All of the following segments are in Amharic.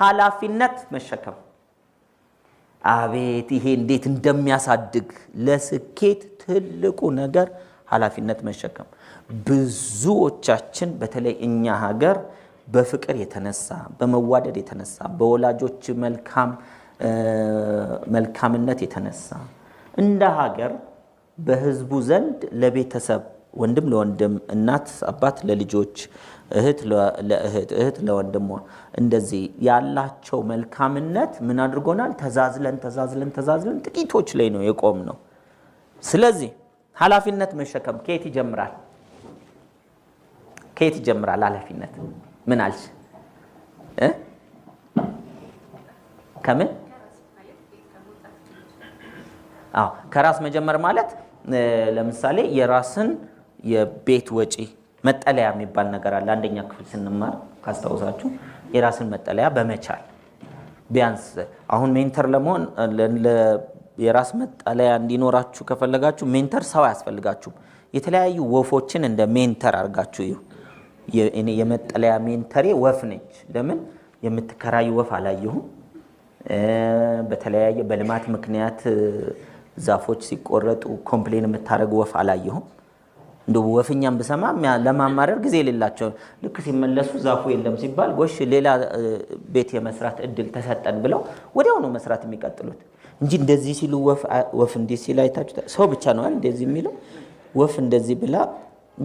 ኃላፊነት መሸከም። አቤት ይሄ እንዴት እንደሚያሳድግ! ለስኬት ትልቁ ነገር ኃላፊነት መሸከም። ብዙዎቻችን በተለይ እኛ ሀገር በፍቅር የተነሳ በመዋደድ የተነሳ በወላጆች መልካም መልካምነት የተነሳ እንደ ሀገር በህዝቡ ዘንድ ለቤተሰብ ወንድም ለወንድም፣ እናት አባት ለልጆች፣ እህት ለእህት፣ እህት ለወንድሟ እንደዚህ ያላቸው መልካምነት ምን አድርጎናል? ተዛዝለን ተዛዝለን ተዛዝለን ጥቂቶች ላይ ነው የቆም ነው። ስለዚህ ኃላፊነት መሸከም ከየት ይጀምራል? ከየት ይጀምራል? ኃላፊነት ምን አልሽ? ከምን ከራስ መጀመር ማለት ለምሳሌ የራስን የቤት ወጪ መጠለያ የሚባል ነገር አለ። አንደኛ ክፍል ስንማር ካስታውሳችሁ የራስን መጠለያ በመቻል ቢያንስ አሁን ሜንተር ለመሆን የራስ መጠለያ እንዲኖራችሁ ከፈለጋችሁ ሜንተር ሰው አያስፈልጋችሁም። የተለያዩ ወፎችን እንደ ሜንተር አድርጋችሁ ይሁ የመጠለያ ሜንተሬ ወፍ ነች። ለምን የምትከራዩ ወፍ አላየሁም። በተለያየ በልማት ምክንያት ዛፎች ሲቆረጡ ኮምፕሌን የምታደርግ ወፍ አላየሁም። እንደ ወፍኛም ብሰማ ለማማረር ጊዜ የሌላቸው ልክ ሲመለሱ ዛፉ የለም ሲባል ጎሽ ሌላ ቤት የመስራት እድል ተሰጠን ብለው ወዲያውኑ መስራት የሚቀጥሉት እንጂ እንደዚህ ሲሉ ወፍ ወፍ እንዲህ ሲል አይታችሁ ሰው ብቻ ነው እንደዚህ የሚለው ወፍ እንደዚህ ብላ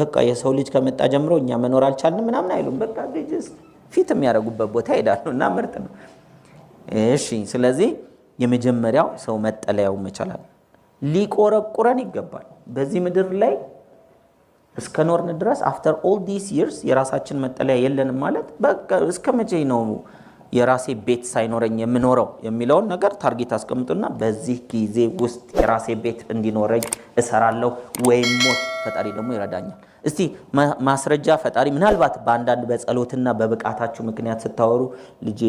በቃ የሰው ልጅ ከመጣ ጀምሮ እኛ መኖር አልቻልንም ምናምን አይሉም። በቃ ፊት የሚያደርጉበት ቦታ ይሄዳሉ እና ምርጥ ነው። እሺ፣ ስለዚህ የመጀመሪያው ሰው መጠለያው መቻላል ሊቆረቁረን ይገባል በዚህ ምድር ላይ እስከ ኖርን ድረስ አፍተር ኦል ዲስ ይርስ የራሳችን መጠለያ የለንም ማለት እስከ መቼ ነው የራሴ ቤት ሳይኖረኝ የምኖረው የሚለውን ነገር ታርጌት አስቀምጡና በዚህ ጊዜ ውስጥ የራሴ ቤት እንዲኖረኝ እሰራለሁ ወይም ሞት፣ ፈጣሪ ደግሞ ይረዳኛል። እስቲ ማስረጃ ፈጣሪ ምናልባት በአንዳንድ በጸሎትና በብቃታችሁ ምክንያት ስታወሩ ልጄ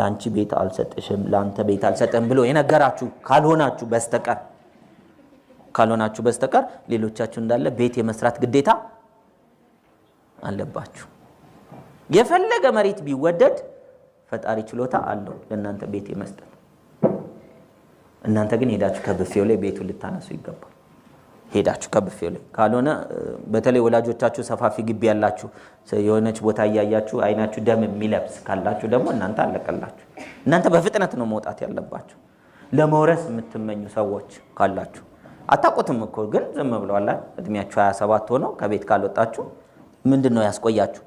ለአንቺ ቤት አልሰጥሽም፣ ለአንተ ቤት አልሰጥም ብሎ የነገራችሁ ካልሆናችሁ በስተቀር ካልሆናችሁ በስተቀር ሌሎቻችሁ እንዳለ ቤት የመስራት ግዴታ አለባችሁ። የፈለገ መሬት ቢወደድ ፈጣሪ ችሎታ አለው ለእናንተ ቤት የመስጠት። እናንተ ግን ሄዳችሁ ከብፌው ላይ ቤቱን ልታነሱ ይገባል። ሄዳችሁ ከብፌው ላይ ካልሆነ በተለይ ወላጆቻችሁ ሰፋፊ ግቢ ያላችሁ የሆነች ቦታ እያያችሁ አይናችሁ ደም የሚለብስ ካላችሁ ደግሞ እናንተ አለቀላችሁ። እናንተ በፍጥነት ነው መውጣት ያለባችሁ። ለመውረስ የምትመኙ ሰዎች ካላችሁ አታውቁትም እኮ ግን ዝም ብለዋላ። እድሜያችሁ 27 ሆኖ ከቤት ካልወጣችሁ ምንድን ነው ያስቆያችሁ?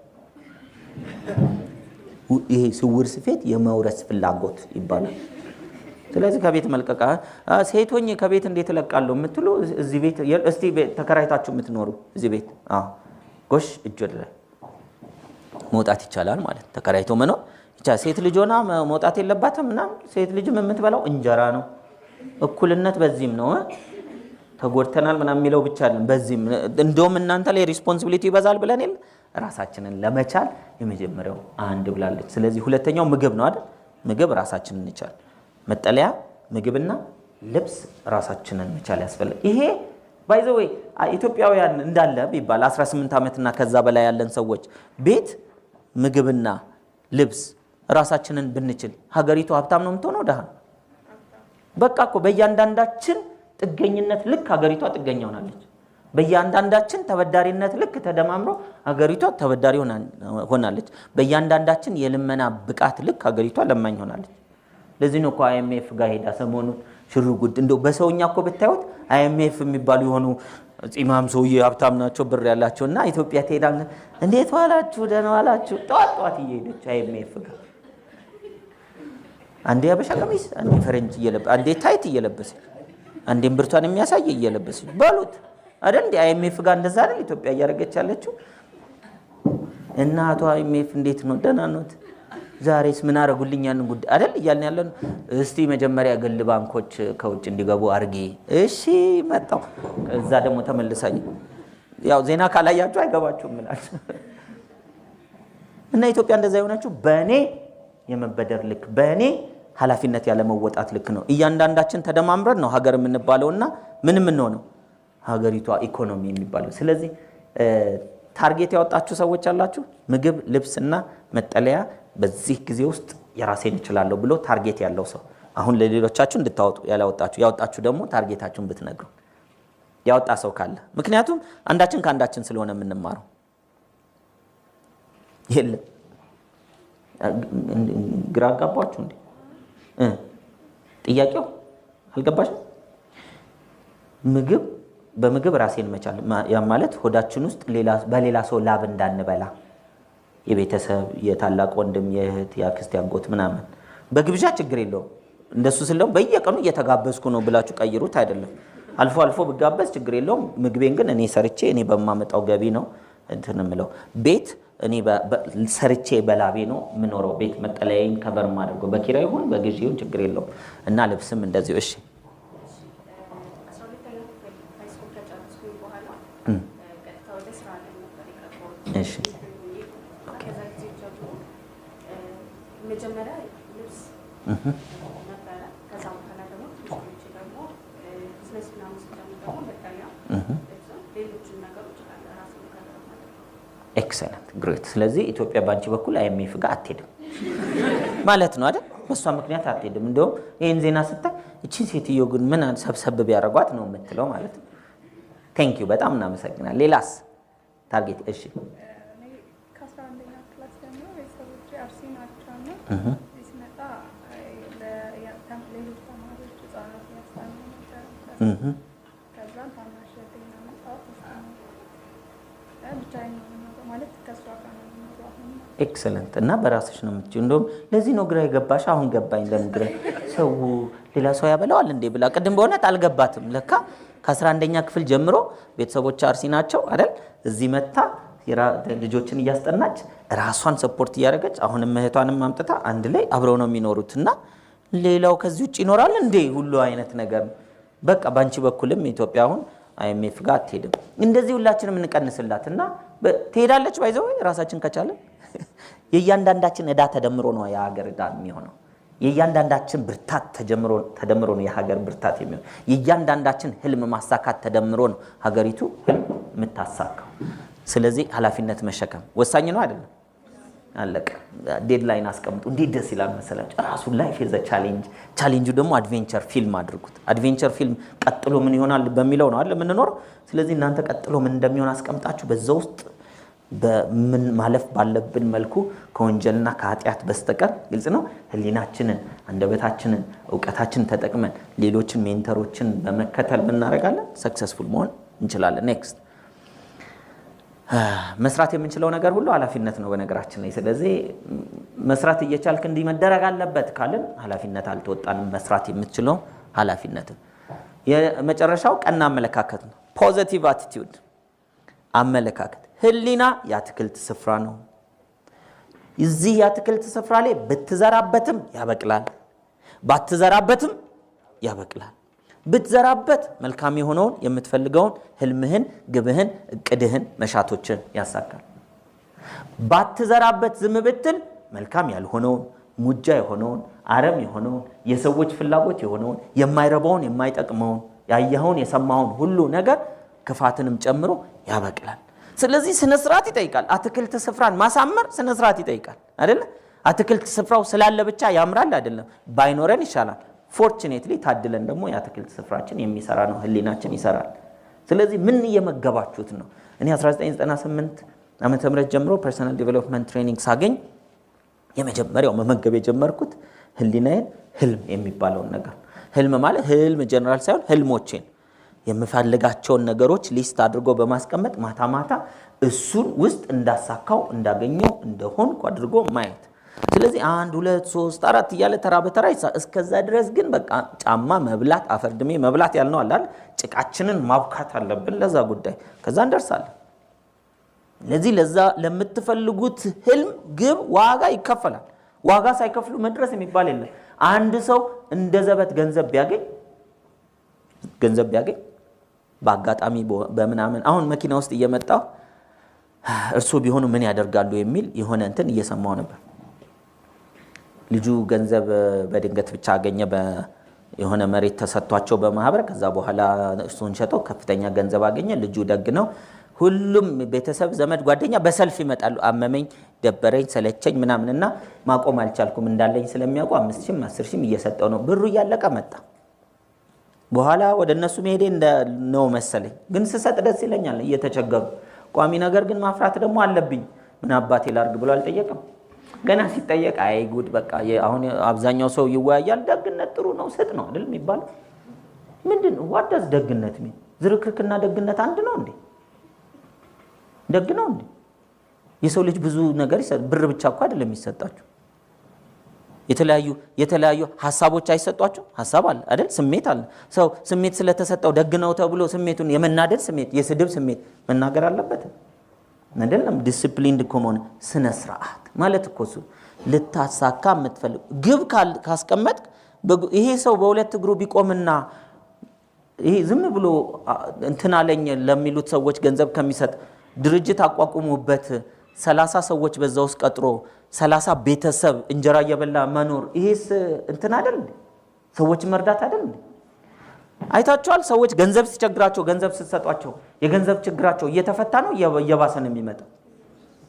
ይሄ ስውር ስፌት የመውረስ ፍላጎት ይባላል። ስለዚህ ከቤት መልቀቃ ሴቶኝ ከቤት እንዴት እለቃለሁ የምትሉ እዚህ ቤት እስቲ ተከራይታችሁ የምትኖሩ እዚህ ቤት ጎሽ እጆ ላይ መውጣት ይቻላል ማለት ተከራይቶ መኖር ይቻላል። ሴት ልጅ ሆና መውጣት የለባትም ምናምን። ሴት ልጅም የምትበላው እንጀራ ነው። እኩልነት በዚህም ነው። ተጎድተናል ምናምን የሚለው ብቻ አይደለም። በዚህም እንደውም እናንተ ላይ ሪስፖንሲቢሊቲ ይበዛል ብለን የለ ራሳችንን ለመቻል የመጀመሪያው አንድ ብላለች። ስለዚህ ሁለተኛው ምግብ ነው አይደል? ምግብ ራሳችንን እንቻል፣ መጠለያ፣ ምግብና ልብስ ራሳችንን መቻል ያስፈልግ። ይሄ ዘ ወይ ኢትዮጵያውያን እንዳለ ቢባል 18 ዓመትና ከዛ በላይ ያለን ሰዎች ቤት ምግብና ልብስ ራሳችንን ብንችል ሀገሪቱ ሀብታም ነው የምትሆነው። ድሃ በቃ እኮ በእያንዳንዳችን ጥገኝነት ልክ ሀገሪቷ ጥገኛ ሆናለች። በእያንዳንዳችን ተበዳሪነት ልክ ተደማምሮ ሀገሪቷ ተበዳሪ ሆናለች። በእያንዳንዳችን የልመና ብቃት ልክ ሀገሪቷ ለማኝ ሆናለች። ለዚህ ነው እኮ አይኤምኤፍ ጋር ሄዳ ሰሞኑን ሽር ጉድ እንደው በሰውኛ እኮ ብታዩት አይኤምኤፍ የሚባሉ የሆኑ ጺማም ሰውዬ ሀብታም ናቸው ብር ያላቸው እና ኢትዮጵያ ትሄዳ እንዴት ዋላችሁ ደህና ዋላችሁ ጠዋት ጠዋት እየሄደች አይኤምኤፍ ጋር አንዴ ያበሻ ቀሚስ አንዴ ፈረንጅ እየለበ አንዴ ታይት እየለበሰች አንዴም ብርቷን የሚያሳይ እየለበሰች በሉት አይደል? እንደ አይኤምኤፍ ጋር እንደዛ አይደል ኢትዮጵያ እያደረገች ያለችው። እናቷ አይኤምኤፍ እንዴት ነው ደህና ኖት? ዛሬስ ምን አረጉልኝ? ያንን ጉዳይ አይደል እያልን ያለን እስቲ መጀመሪያ ግል ባንኮች ከውጭ እንዲገቡ አርጊ። እሺ መጣው። እዛ ደግሞ ተመልሳኝ ያው ዜና ካላያችሁ አይገባችሁም ምላል እና ኢትዮጵያ እንደዛ የሆነችው በእኔ የመበደር ልክ በእኔ ኃላፊነት ያለመወጣት ልክ ነው። እያንዳንዳችን ተደማምረን ነው ሀገር የምንባለውና ምን የምንሆነው ሀገሪቷ ኢኮኖሚ የሚባለው። ስለዚህ ታርጌት ያወጣችሁ ሰዎች አላችሁ። ምግብ ልብስና መጠለያ በዚህ ጊዜ ውስጥ የራሴን እችላለሁ ብሎ ታርጌት ያለው ሰው አሁን ለሌሎቻችሁ እንድታወጡ ያላወጣችሁ ያወጣችሁ ደግሞ ታርጌታችሁን ብትነግሩ ያወጣ ሰው ካለ ምክንያቱም አንዳችን ከአንዳችን ስለሆነ የምንማረው የለም። ግራ አጋባችሁ እንዴ? ጥያቄው አልገባሽ? ምግብ በምግብ ራሴን መቻል ያ ማለት ሆዳችን ውስጥ በሌላ ሰው ላብ እንዳንበላ የቤተሰብ የታላቅ ወንድም የእህት የአክስት ያጎት ምናምን በግብዣ ችግር የለውም። እንደሱ ስለው በየቀኑ እየተጋበዝኩ ነው ብላችሁ ቀይሩት አይደለም። አልፎ አልፎ ብጋበዝ ችግር የለውም። ምግቤን ግን እኔ ሰርቼ እኔ በማመጣው ገቢ ነው እንትን ምለው ቤት እኔ ሰርቼ በላቤ ነው የምኖረው። ቤት መጠለያዬን ከበር ማድርገው በኪራይ ይሁን በግዢ ይሁን ችግር የለውም እና ልብስም እንደዚሁ እሺ መጀመሪያ ልብስ ኤክሰለንት ግሬት። ስለዚህ ኢትዮጵያ በአንቺ በኩል አይኤምኤፍ ጋር አትሄድም ማለት ነው አይደል? በእሷ ምክንያት አትሄድም። እንደውም ይህን ዜና ስታይ እቺ ሴትዮ ግን ምን ሰብሰብ ቢያደርጓት ነው የምትለው ማለት ነው። ቴንክ ዩ በጣም እናመሰግናል። ሌላስ ታርጌት? እሺ ሌሎች ተማሪዎች ህጻናት ኤክሰለንት እና በራስሽ ነው የምትችይው። እንደውም ለዚህ ነው ግራ የገባሽ አሁን ገባኝ። ለምን ሰው ሌላ ሰው ያበላዋል እንዴ ብላ ቅድም በእውነት አልገባትም። ለካ ከ 11 ክፍል ጀምሮ ቤተሰቦች አርሲ ናቸው አይደል? እዚህ መታ ልጆችን እያስጠናች ራሷን ሰፖርት እያደረገች አሁንም እህቷንም አምጥታ አንድ ላይ አብረው ነው የሚኖሩት እና ሌላው ከዚህ ውጭ ይኖራል እንዴ ሁሉ አይነት ነገር በቃ በአንቺ በኩልም ኢትዮጵያ አሁን አይኤምኤፍ ጋር አትሄድም። እንደዚህ ሁላችንም እንቀንስላት እና ትሄዳለች። ባይዘው ራሳችን ከቻለን የእያንዳንዳችን እዳ ተደምሮ ነው የሀገር እዳ የሚሆነው። የእያንዳንዳችን ብርታት ተደምሮ ነው የሀገር ብርታት የሚሆነው። የእያንዳንዳችን ህልም ማሳካት ተደምሮ ነው ሀገሪቱ ህልም የምታሳካው። ስለዚህ ኃላፊነት መሸከም ወሳኝ ነው አይደለም? አለቀ። ዴድላይን አስቀምጡ። እንዴት ደስ ይላል መሰላቸው። ራሱ ላይፍ የዘ ቻሌንጅ፣ ቻሌንጁ ደግሞ አድቬንቸር ፊልም አድርጉት። አድቬንቸር ፊልም ቀጥሎ ምን ይሆናል በሚለው ነው አለ የምንኖረው። ስለዚህ እናንተ ቀጥሎ ምን እንደሚሆን አስቀምጣችሁ በዛ ውስጥ በምን ማለፍ ባለብን መልኩ ከወንጀልና ከኃጢአት በስተቀር ግልጽ ነው። ህሊናችንን፣ አንደበታችንን፣ እውቀታችንን ተጠቅመን ሌሎችን ሜንተሮችን በመከተል ምናደርጋለን ሰክሰስፉል መሆን እንችላለን። ኔክስት መስራት የምንችለው ነገር ሁሉ ኃላፊነት ነው በነገራችን ላይ። ስለዚህ መስራት እየቻልክ እንዲህ መደረግ አለበት ካልን ኃላፊነት አልተወጣንም። መስራት የምትችለው ኃላፊነትን። የመጨረሻው ቀና አመለካከት ነው፣ ፖዘቲቭ አቲቲዩድ አመለካከት ህሊና የአትክልት ስፍራ ነው። እዚህ የአትክልት ስፍራ ላይ ብትዘራበትም ያበቅላል፣ ባትዘራበትም ያበቅላል። ብትዘራበት መልካም የሆነውን የምትፈልገውን ህልምህን፣ ግብህን፣ እቅድህን፣ መሻቶችን ያሳካል። ባትዘራበት ዝም ብትል መልካም ያልሆነውን ሙጃ የሆነውን አረም የሆነውን የሰዎች ፍላጎት የሆነውን የማይረባውን የማይጠቅመውን ያየኸውን የሰማውን ሁሉ ነገር ክፋትንም ጨምሮ ያበቅላል። ስለዚህ ስነ ስርዓት ይጠይቃል። አትክልት ስፍራን ማሳመር ስነ ስርዓት ይጠይቃል አይደለ? አትክልት ስፍራው ስላለ ብቻ ያምራል አይደለም፣ ባይኖረን ይሻላል። ፎርቹኔትሊ ታድለን ደግሞ የአትክልት ስፍራችን የሚሰራ ነው፣ ህሊናችን ይሰራል። ስለዚህ ምን እየመገባችሁት ነው? እኔ 1998 ዓመተ ምህረት ጀምሮ ፐርሰናል ዲቨሎፕመንት ትሬኒንግ ሳገኝ የመጀመሪያው መመገብ የጀመርኩት ህሊናዬን ህልም የሚባለውን ነገር ህልም ማለት ህልም ጀነራል ሳይሆን ህልሞቼን የምፈልጋቸውን ነገሮች ሊስት አድርጎ በማስቀመጥ ማታ ማታ እሱን ውስጥ እንዳሳካው እንዳገኘው እንደሆንኩ አድርጎ ማየት። ስለዚህ አንድ ሁለት ሶስት አራት እያለ ተራ በተራ ይሳ። እስከዛ ድረስ ግን በቃ ጫማ መብላት አፈርድሜ መብላት ያልነው አላል ጭቃችንን ማብካት አለብን ለዛ ጉዳይ። ከዛ እንደርሳለን። ለዚህ ለዛ ለምትፈልጉት ህልም፣ ግብ ዋጋ ይከፈላል። ዋጋ ሳይከፍሉ መድረስ የሚባል የለም። አንድ ሰው እንደ ዘበት ገንዘብ ቢያገኝ ገንዘብ ቢያገኝ በአጋጣሚ በምናምን አሁን መኪና ውስጥ እየመጣው እርሱ ቢሆኑ ምን ያደርጋሉ የሚል የሆነ እንትን እየሰማው ነበር። ልጁ ገንዘብ በድንገት ብቻ አገኘ፣ የሆነ መሬት ተሰጥቷቸው በማህበር ከዛ በኋላ እሱን ሸጠው ከፍተኛ ገንዘብ አገኘ። ልጁ ደግ ነው። ሁሉም ቤተሰብ፣ ዘመድ፣ ጓደኛ በሰልፍ ይመጣሉ። አመመኝ፣ ደበረኝ፣ ሰለቸኝ ምናምንና ማቆም አልቻልኩም እንዳለኝ ስለሚያውቁ አምስት ሺም አስር ሺህም እየሰጠው ነው። ብሩ እያለቀ መጣ። በኋላ ወደ እነሱ መሄዴ ነው መሰለኝ። ግን ስሰጥ ደስ ይለኛል እየተቸገሩ። ቋሚ ነገር ግን ማፍራት ደግሞ አለብኝ። ምን አባቴ ላርግ ብሎ አልጠየቅም። ገና ሲጠየቅ አይ ጉድ በቃ። አሁን አብዛኛው ሰው ይወያያል። ደግነት ጥሩ ነው ስጥ ነው አይደል የሚባለው? ምንድን ዋዳዝ ደግነት ሚ ዝርክርክና ደግነት አንድ ነው እንዴ? ደግ ነው እንዴ? የሰው ልጅ ብዙ ነገር ይሰጥ። ብር ብቻ እኮ አይደለም የሚሰጣችሁ የተለያዩ የተለያዩ ሀሳቦች አይሰጧቸው ሀሳብ አለ አይደል? ስሜት አለ። ሰው ስሜት ስለተሰጠው ደግ ነው ተብሎ ስሜቱን የመናደድ ስሜት፣ የስድብ ስሜት መናገር አለበት አይደለም? ዲስፕሊንድ ከሆነ ስነ ስርዓት ማለት እኮ እሱ ልታሳካ የምትፈልግ ግብ ካስቀመጥ ይሄ ሰው በሁለት እግሩ ቢቆምና ይሄ ዝም ብሎ እንትን አለኝ ለሚሉት ሰዎች ገንዘብ ከሚሰጥ ድርጅት አቋቁሙበት ሰላሳ ሰዎች በዛ ውስጥ ቀጥሮ ሰላሳ ቤተሰብ እንጀራ እየበላ መኖር ይሄስ እንትን አይደል? ሰዎችን መርዳት አይደል? አይታችኋል። ሰዎች ገንዘብ ሲቸግራቸው ገንዘብ ስትሰጧቸው የገንዘብ ችግራቸው እየተፈታ ነው እየባሰ ነው የሚመጣው።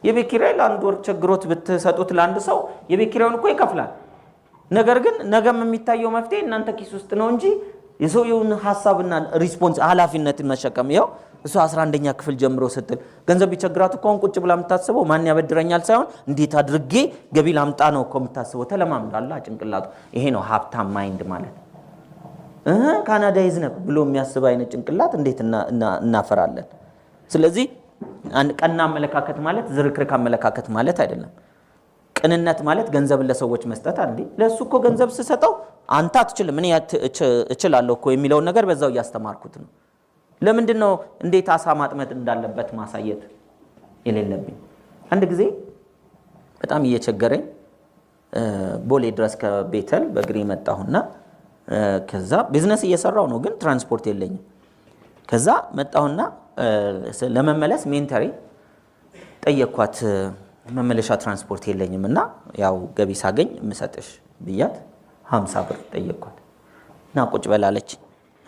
የቤት ኪራይ ለአንድ ወር ችግሮት ብትሰጡት ለአንድ ሰው የቤት ኪራዩን እኮ ይከፍላል። ነገር ግን ነገም የሚታየው መፍትሄ እናንተ ኪስ ውስጥ ነው እንጂ የሰውየውን ሀሳብና ሪስፖንስ ኃላፊነትን መሸከም ው። እሱ 11ኛ ክፍል ጀምሮ ስትል ገንዘብ ቢቸግራት እኮ አሁን ቁጭ ብላ የምታስበው ማን ያበድረኛል ሳይሆን እንዴት አድርጌ ገቢ ላምጣ ነው እኮ የምታስበው። ተለማምዳላ ጭንቅላቱ። ይሄ ነው ሀብታም ማይንድ ማለት። ካናዳ ይዝነብ ብሎ የሚያስብ አይነት ጭንቅላት እንዴት እናፈራለን? ስለዚህ ቀና አመለካከት ማለት ዝርክርክ አመለካከት ማለት አይደለም። ቅንነት ማለት ገንዘብን ለሰዎች መስጠት አንዴ ለእሱ እኮ ገንዘብ ስሰጠው አንተ አትችልም እኔ እችላለሁ እኮ የሚለውን ነገር በዛው እያስተማርኩት ነው። ለምንድን ነው እንዴት አሳ ማጥመድ እንዳለበት ማሳየት የሌለብኝ? አንድ ጊዜ በጣም እየቸገረኝ ቦሌ ድረስ ከቤተል በእግሬ መጣሁና ከዛ ቢዝነስ እየሰራው ነው፣ ግን ትራንስፖርት የለኝም። ከዛ መጣሁና ለመመለስ ሜንተሪ ጠየኳት። መመለሻ ትራንስፖርት የለኝም እና ያው ገቢ ሳገኝ የምሰጥሽ ብያት ሀምሳ ብር ጠየኳት እና ቁጭ በላለች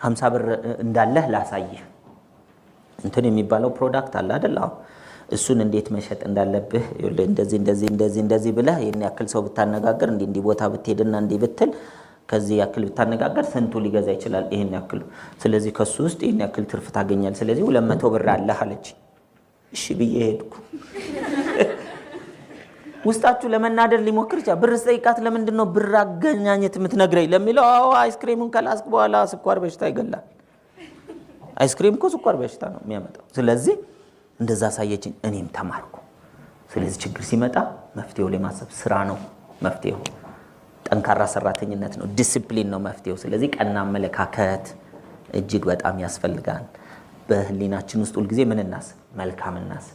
ሀምሳ ብር እንዳለህ ላሳይህ እንትን የሚባለው ፕሮዳክት አለ አይደል? እሱን እንዴት መሸጥ እንዳለብህ እንደዚህ እንደዚህ እንደዚህ እንደዚህ ብለህ ይህን ያክል ሰው ብታነጋገር እንዲህ እንዲህ ቦታ ብትሄድና እንዲህ ብትል ከዚህ ያክል ብታነጋገር ስንቱ ሊገዛ ይችላል? ይህን ያክል። ስለዚህ ከሱ ውስጥ ይህን ያክል ትርፍ ታገኛል። ስለዚህ ሁለት መቶ ብር አለህ አለች። እሺ ብዬ ሄድኩ። ውስጣችሁ ለመናደር ሊሞክር ይችላል። ብር ስጠይቃት ለምንድን ነው ብር አገኛኘት የምትነግረኝ ለሚለው አዎ አይስክሬሙን ከላስክ በኋላ ስኳር በሽታ ይገላል። አይስክሬም እኮ ስኳር በሽታ ነው የሚያመጣው። ስለዚህ እንደዛ አሳየችኝ፣ እኔም ተማርኩ። ስለዚህ ችግር ሲመጣ መፍትሄው ላይ ማሰብ ስራ ነው መፍትሄው፣ ጠንካራ ሰራተኝነት ነው፣ ዲስፕሊን ነው መፍትሄው። ስለዚህ ቀና አመለካከት እጅግ በጣም ያስፈልጋል። በህሊናችን ውስጥ ሁልጊዜ ምን እናስብ? መልካም እናስብ።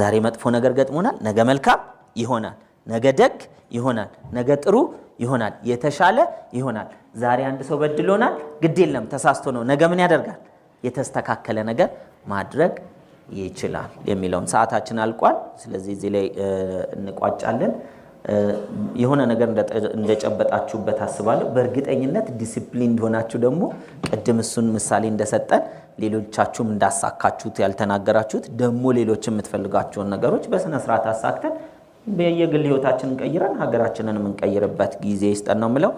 ዛሬ መጥፎ ነገር ገጥሞናል፣ ነገ መልካም ይሆናል። ነገ ደግ ይሆናል። ነገ ጥሩ ይሆናል። የተሻለ ይሆናል። ዛሬ አንድ ሰው በድሎናል፣ ግድ የለም ተሳስቶ ነው። ነገ ምን ያደርጋል? የተስተካከለ ነገር ማድረግ ይችላል የሚለውን ሰዓታችን አልቋል። ስለዚህ እዚህ ላይ እንቋጫለን። የሆነ ነገር እንደጨበጣችሁበት አስባለሁ። በእርግጠኝነት ዲሲፕሊን እንደሆናችሁ ደግሞ ቅድም እሱን ምሳሌ እንደሰጠን ሌሎቻችሁም እንዳሳካችሁት ያልተናገራችሁት ደግሞ ሌሎች የምትፈልጋቸውን ነገሮች በስነስርዓት አሳክተን በየግል ህይወታችንን ቀይረን ሀገራችንን የምንቀይርበት ጊዜ ይስጠን ነው የምለው።